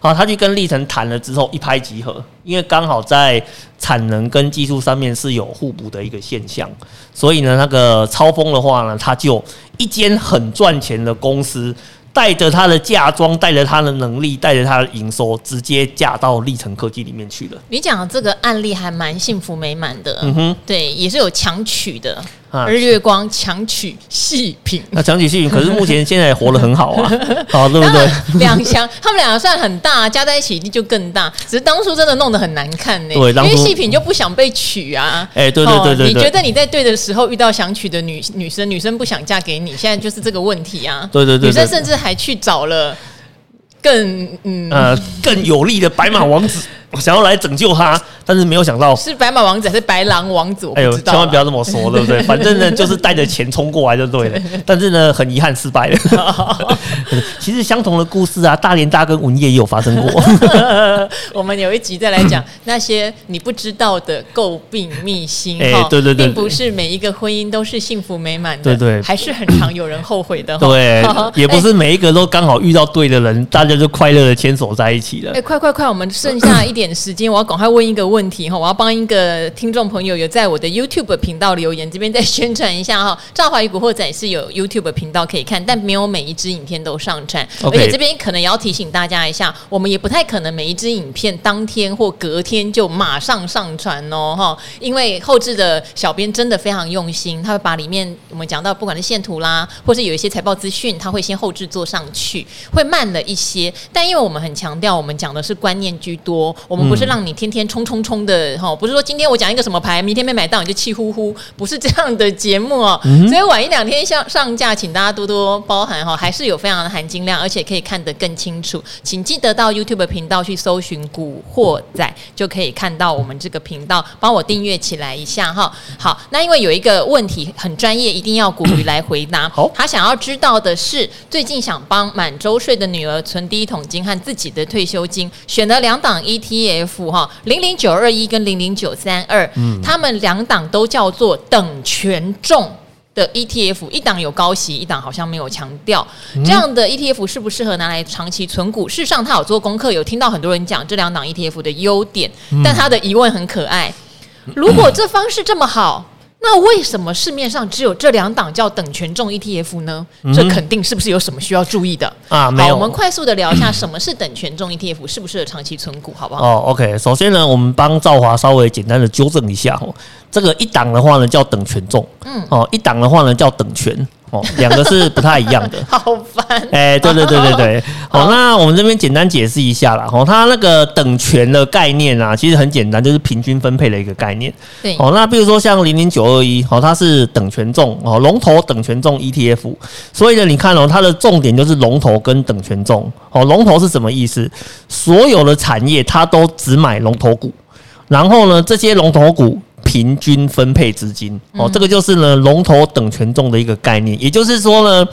啊，他去跟力成談了之後一拍即合，因為剛好在產能跟技術上面是有互補的一個現象。所以呢，那個超豐的話呢，他就一間很賺錢的公司，帶着他的嫁妝，帶着他的能力，帶着他的營收，直接嫁到力成科技裡面去了。你講這個案例還蠻幸福美滿的。嗯哼，對，也是有強娶的。日月光強取矽品，那、啊、強取矽品，可是目前現在活得很好啊，好、 啊、對不對？啊、兩強他們兩個算很大、啊，加在一起一定就更大。只是當初真的弄得很難看呢、欸，因為矽品就不想被娶啊。哎、嗯欸、對對對，對，對，對，對、哦、你覺得你在對的時候遇到想娶的女女生，女生不想嫁給你，現在就是這個問題啊。對對對，對，對，女生甚至還去找了更嗯呃更有力的白馬王子。 想要來拯救他，但是沒有想到是白馬王子還是白狼王子？哎呦，千萬不要這麼說，對不對？ 反正呢，就是帶着錢衝過來就對了。對對對，但是呢，很遺憾失敗了。 其實相同的故事啊，大聯大跟文曄也有發生過。 我們有一集再來講 那些你不知道的購併秘辛。哎，對對對,對，並不是每一個婚姻都是幸福美滿的，對對,對，還是很常有人後悔的。 對、哦，也不是每一個都剛好遇到對的人， 大家就快樂的牽手在一起了。哎，快快快，我們剩下一點。 時間，我要趕快問一個問題哈！我要幫一個聽眾朋友有在我的 YouTube 頻道留言，這邊再宣傳一下哈。兆華與股惑仔有 YouTube 頻道可以看，但沒有每一支影片都上傳，okay. 而且這邊可能也要提醒大家一下，我們也不太可能每一支影片當天或隔天就馬上上傳哦哈，因為後製的小編真的非常用心，他會把裡面我們講到不管是線圖啦，或是有一些財報資訊，他會先後製做上去，會慢了一些，但因為我們很強調，我們講的是觀念居多。我們不是讓你天天衝冲冲的哈、嗯，不是說今天我講一個什麼牌，明天沒買到你就氣呼呼，不是這樣的節目哦、嗯。所以晚一兩天上上架，請大家多多包涵哈，還是有非常的含金量，而且可以看得更清楚。請記得到 YouTube 頻道去搜尋“股惑仔”，就可以看到我們這個頻道，幫我訂閱起來一下哈。好，那因為有一個問題很專業，一定要股魚來回答。好，他想要知道的是，最近想幫滿周歲的女兒存第一桶金和自己的退休金，選了兩檔 ET。E T F 哈，零零九二一跟零零九三二，他們兩檔都叫做等權重的 E T F，一檔有高息，一檔好像沒有強調、嗯。這樣的 E T F 適不適合拿來長期存股？事實上，他有做功課，有聽到很多人講這兩檔 E T F 的優點、嗯，但他的疑問很可愛。如果這方式這麼好？嗯那為什麼市面上只有這兩檔叫等權重 ETF 呢、嗯？這肯定是不是有什麼需要注意的啊。好，我們快速的聊一下什麼是等權重 ETF，適不適合長期存股，好不好？哦、oh,，OK，首先呢，我們幫兆華稍微簡單的糾正一下哦，這個一檔的話呢叫等權重，嗯，哦，一檔的話呢叫等權。哦，兩個是不太一樣的。 好煩。哎、欸，對對對對對。好，哦、那我們這邊簡單解釋一下啦。哦，它那個等權的概念啊，其實很簡單，就是平均分配的一個概念。對。好、哦，那比如說像零零九二一，它是等權重哦，龍頭等權重 ETF。所以呢，你看哦，它的重點就是龍頭跟等權重。哦，龍頭是什麼意思？所有的產業它都只買龍頭股，然後呢，這些龍頭股。平均分配資金哦、嗯，這個就是呢龍頭等權重的一個概念，也就是說呢，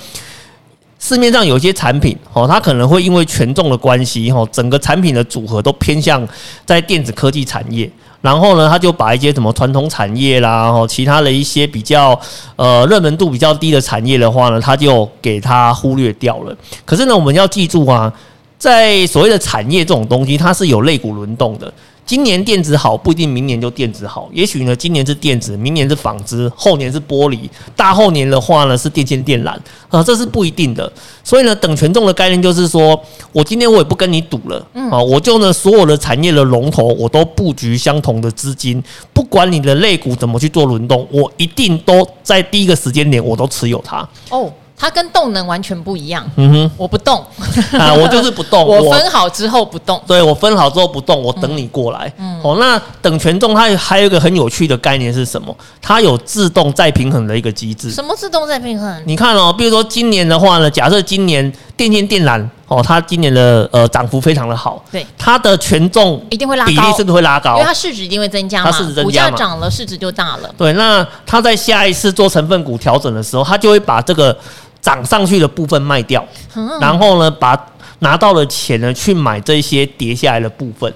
市面上有些產品哦，它可能會因為權重的關係哈、哦，整個產品的組合都偏向在電子科技產業，然後呢，它就把一些什麼傳統產業啦、哦、其他的一些比較呃熱門度比較低的產業的話呢，它就給它忽略掉了。可是呢，我們要記住啊，在所謂的產業這種東西，它是有類股輪動的。今年電子好不一定明年就電子好，也許呢今年是電子，明年是紡織，後年是玻璃，大後年的話呢是電線電纜啊，這是不一定的。所以呢，等權重的概念就是說我今天我也不跟你賭了，嗯、啊，我就呢所有的產業的龍頭我都布局相同的資金，不管你的類股怎麼去做輪動，我一定都在第一個時間點我都持有它哦。它跟動能完全不一樣。嗯哼，我不動 啊，我就是不動。我分好之後不動。對，我分好之後不動，我等你過來嗯。嗯，哦，那等權重它還有一個很有趣的概念是什麼？它有自動再平衡的一個機制。什麼自動再平衡？你看哦，比如說今年的話呢，假設今年電線電纜哦，它今年的呃漲幅非常的好。對，它的權重一定會拉高，比例甚至會拉高，因為它市值一定會增加嘛，它市值增加嘛，股價漲了，市值就大了。對，那它在下一次做成分股調整的時候，它就會把這個。漲上去的部分賣掉，嗯，然後呢，把拿到的錢呢去買這些跌下來的部分。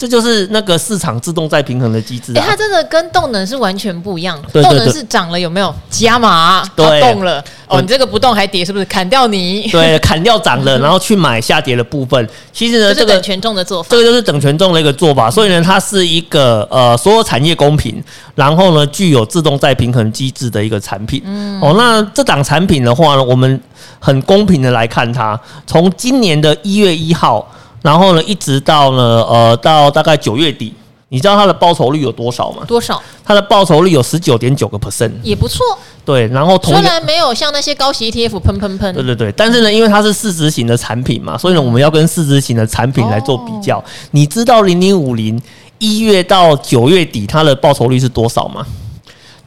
這就是那個市場自動再平衡的機制、啊，它、欸、真的跟動能是完全不一樣。動能是漲了有沒有？加碼，對它動了。哦，你這個不動還跌，是不是？砍掉你。對，砍掉漲了，然後去買下跌的部分。其實呢、嗯，這個是等權重的做法，這個就是等權重的一個做法。所以呢、嗯，它是一個呃，所有產業公平，然後呢，具有自動再平衡機制的一個產品、嗯。哦，那這檔產品的話呢，我們很公平的來看它，從今年的一月一號。然後呢，一直到呢呃，到大概九月底，你知道它的報酬率有多少嗎？多少？它的報酬率有十九點九個 percent，也不錯，嗯。對，然後同樣，雖然沒有像那些高息 ETF 噴噴噴噴。對對對，但是呢，因為它是市值型的產品嘛，所以呢，我們要跟市值型的產品來做比較。哦，你知道零零五零一月到九月底它的報酬率是多少嗎？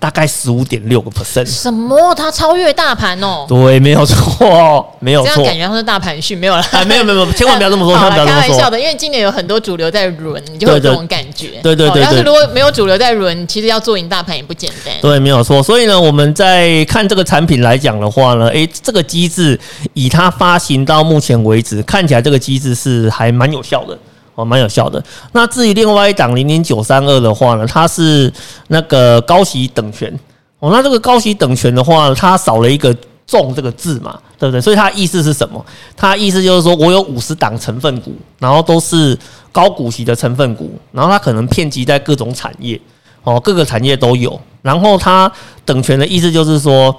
大概十五點六個 percent，什麼？它超越大盤哦、喔？對，沒有錯，沒有錯，這樣感覺它是大盤序，沒有了、哎，沒有，沒有，千萬不要這麼說,這這麼說，開玩笑的。因為今年有很多主流在輪，你就會有這種感覺。對對對,對,對,對、哦，要是如果沒有主流在輪，其實要做贏大盤也不簡單。對，沒有錯。所以呢，我們在看這個產品來講的話呢，哎、欸，這個機制以它發行到目前為止，看起來這個機制是還蠻有效的。哦，蠻有效的。那至於另外一檔零零九三二的話呢，它是那個高息等權哦。那這個高息等權的話，它少了一個“重”這個字嘛，對不對？所以它的意思是什麼？它的意思就是說我有五十檔成分股，然後都是高股息的成分股，然後它可能遍及在各種產業哦，各個產業都有。然後它等權的意思就是說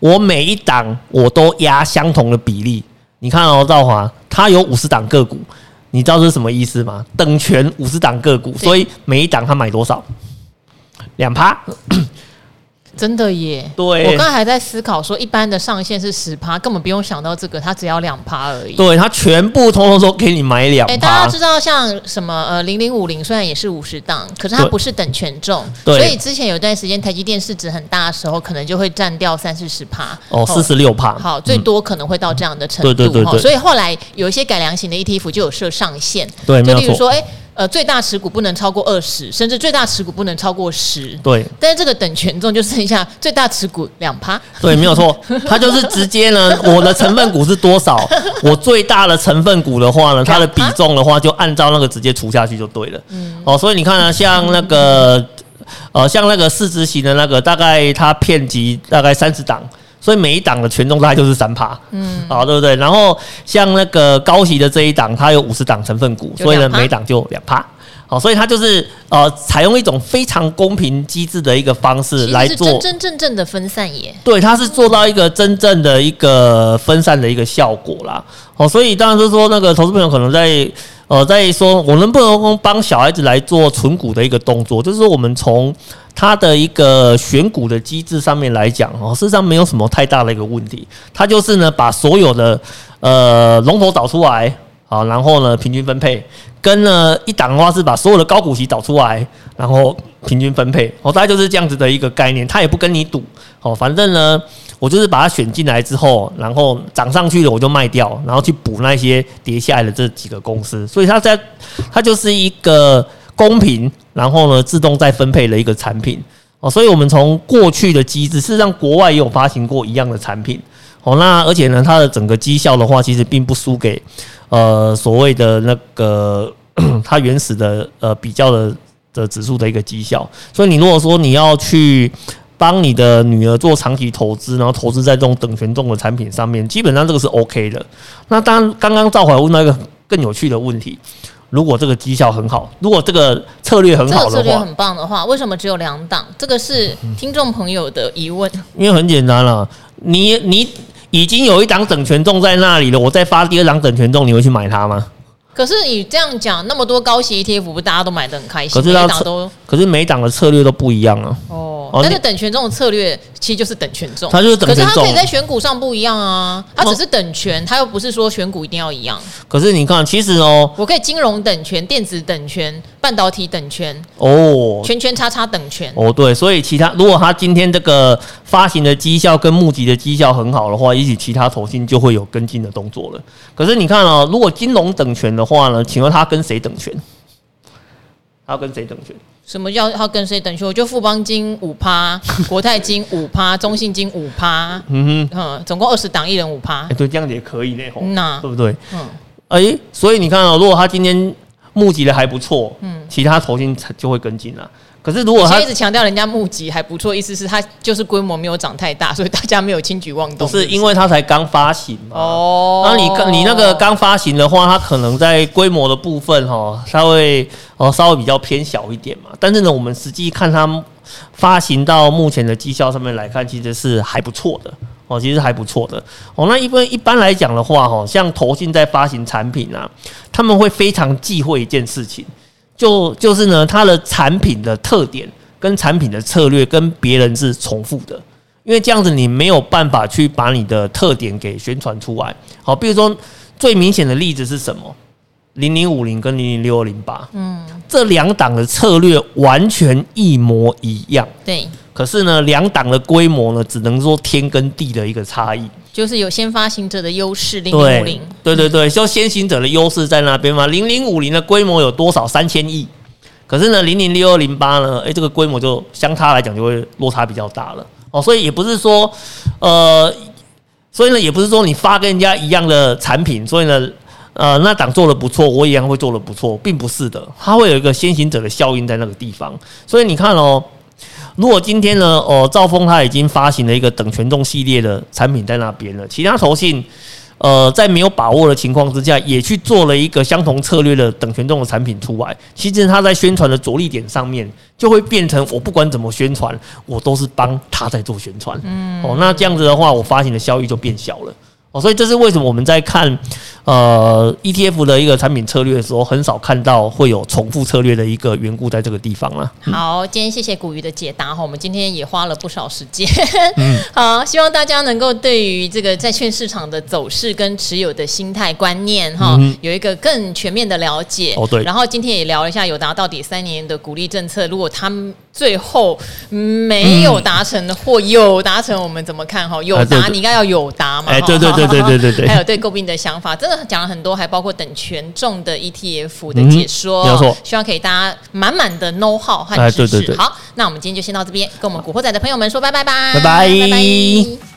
我每一檔我都押相同的比例。你看哦，兆華它有五十檔個股。你知道這是什麼意思嗎？等權五十檔個股，所以每一檔他買多少？兩趴。 真的耶，對，我剛還在思考說，一般的上限是十趴，根本不用想到這個，它只要兩趴而已。對，它全部通通都給你買兩趴，欸。大家知道像什麼呃零零五零，雖然也是五十檔，可是它不是等權重，對，所以之前有段時間台積電市值很大的時候，可能就會佔掉三四十趴。哦，四十六趴。好，嗯，最多可能會到這樣的程度。對對對對。所以後來有一些改良型的 ETF 就有設上限。對，沒有錯。就例如說。嗯欸呃，最大持股不能超過二十，甚至最大持股不能超過十。對，但是這個等權重就剩下最大持股兩趴。對，沒有錯，它就是直接呢， 我的成分股是多少，我最大的成分股的話呢，它的比重的話就按照那個直接除下去就對了。嗯、哦，所以你看呢，像那個呃，像那個市值型的那個，大概它片級大概三十檔。所以每一檔的權重大概就是三趴，嗯、啊，好，對不對？然後像那個高息的這一檔，它有五十檔成分股，所以呢，每一檔就兩趴。所以它就是呃，採用一種非常公平機製的一個方式來做，真真正正的分散耶。對，它是做到一個真正的一個分散的一個效果啦。哦，所以當然就是說那個投資朋友可能在呃，在說我能不能幫小孩子來做存股的一個動作？就是說我們從它的一個選股的機製上面來講哦，事實上沒有什麼太大的一個問題。它就是呢，把所有的呃龍頭找出來。好，然後呢，平均分配，跟呢一檔的話是把所有的高股息找出來，然後平均分配，哦，大概就是這樣子的一個概念，他也不跟你賭，哦，反正呢，我就是把它選進來之後，然後漲上去了，我就賣掉，然後去補那些跌下來的這幾個公司，所以它在它就是一個公平，然後呢自動再分配的一個產品，哦，所以我們從過去的機制，事實上國外也有發行過一樣的產品。哦，那而且呢，它的整個績效的話，其實並不輸給，呃，所謂的那個它原始的呃比較的的指數的一個績效。所以你如果說你要去幫你的女兒做長期投資，然後投資在這種等權重的產品上面，基本上這個是 OK 的。那當然，剛剛兆華問到一個更有趣的問題：如果這個績效很好，如果這個策略很好的話，這個策略很棒的話，為什麼只有兩檔？這個是聽眾朋友的疑問。因為很簡單了，你你。已經有一檔等權重在那裡了，我再發第二檔等權重，你會去買它嗎？可是你這樣講，那麼多高息 ETF 不大家都買的很開心？可是每檔都，可是每檔的策略都不一樣啊。哦，哦，但是等權重的策略其實就是等權重，它就是等權重。可是它可以在選股上不一樣啊，它只是等權，它、哦、又不是說選股一定要一樣。可是你看，其實哦，我可以金融等權，電子等權。半導體等權哦，圈圈叉叉叉等權哦，對，所以其他如果他今天這個發行的績效跟募集的績效很好的話，也許其他投信就會有跟進的動作了。可是你看哦，如果金融等權的話呢，請問他跟誰等權？他要跟誰等權？什麼叫他跟誰等權？我就富邦金五趴，國泰金五趴， 中信金五趴、嗯，嗯哼，總共二十檔，一人五趴。哎、欸，對，這樣子也可以嘞，那對不對？嗯，哎、欸，所以你看哦，如果他今天。募集的還不錯，嗯，其他投新才就會跟進了、嗯。可是如果他一直強調人家募集還不錯，意思是它就是規模沒有長太大，所以大家沒有輕舉妄動。不是因為它才剛發行嘛？哦，那你你那個剛發行的話，它可能在規模的部分哈，稍微哦稍微比較偏小一點嘛。但是呢，我們實際看它發行到目前的績效上面來看，其實是還不錯的。哦，其實還不錯的。哦，那一般一般來講的話，哈，像投信在發行產品啊，他們會非常忌諱一件事情，就就是呢，它的產品的特點跟產品的策略跟別人是重復的，因為這樣子你沒有辦法去把你的特點給宣傳出來。好，比如說最明顯的例子是什麼？零零五零跟零零六二零八，嗯，這兩檔的策略完全一模一樣。對。可是呢，兩檔的規模呢，只能說天跟地的一個差異，就是有先發行者的優勢，零零五零，對對對，就先行者的優勢在那邊嘛。零零五零的規模有多少？三千億。可是呢，零零六二零八呢？誒、欸，這個規模就相差來講就會落差比較大了。哦，所以也不是說，呃，所以呢，也不是說你發跟人家一樣的產品，所以呢，呃，那檔做的不錯，我一樣會做的不錯，並不是的，它會有一個先行者的效應在那個地方。所以你看哦。如果今天呢，哦、呃，兆豐他已經發行了一個等權重系列的產品在那邊了，其他投信，呃，在沒有把握的情況之下，也去做了一個相同策略的等權重的產品出來。其實他在宣傳的着力點上面，就會變成我不管怎麼宣傳，我都是幫他在做宣傳。嗯，哦，那這樣子的話，我發行的效益就變小了。所以這是為什麼我們在看呃 ETF 的一個產品策略的時候，很少看到會有重複策略的一個緣故，在這個地方了，啊嗯。好，今天謝謝股魚的解答哈，我們今天也花了不少時間。嗯，好，希望大家能夠對於這個債券市場的走勢跟持有的心態觀念哈，有一個更全面的了解。哦，對。然後今天也聊一下友達到底三年的股利政策，如果他們最後沒有達成的，嗯，或有達成，我們怎麼看？哈，友達你應該要有友達嘛？哎，對對對。對對對對，還有對詬病的想法，真的講了很多，還包括等權重的 ETF 的解說。嗯，希望可以大家滿滿的 know how 和知識。哎對對對。好，那我們今天就先到這邊，跟我們股惑仔的朋友們說拜拜吧，拜拜，拜拜。拜拜。